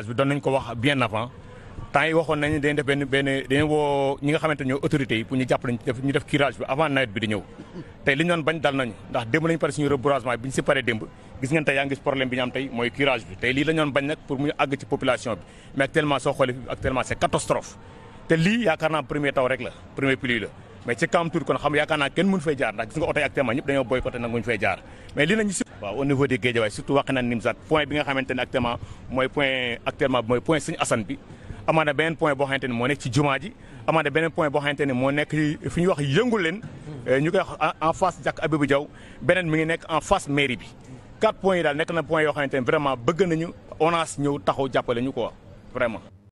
village nañ ko wax bien avant temps yi waxoon nañ dañ def benn benn dañu woo ñi nga xamante ñoo autorités yi pour ñu jàppale ñu def curage bi avant nawet bi di tey li ñu bañ nag pour mu àgg ci population bi mais actuellement soo xoolee actuellement c'est catastrophe te lii yaakaar naa premier taw rek la premier pluie la mais ci Camtour kon xam yaakaar naa kenn mënu fay jaar ndax gis nga oto actuellement ñëpp dañoo boycotté nag muñu fay jaar mais waaw au niveau de Guédiawaye surtout wax naan Nimzaat point bi nga xamante ne actuellement mooy point actuellement mooy point Sëñ Assane bi amaana beneen point boo xamante ne moo nekk ci jumaa ji amaana beneen point boo xamante ne moo nekk fi ñu wax yëngu leen eh, ñu koy wax en face jàkk bu Diaw beneen mi ngi nekk en face mairie bi quatre points yi daal nekk na point yoo xamante ne vraiment bëgg nañu ONAS ñëw taxaw jàppale ñu quoi vraiment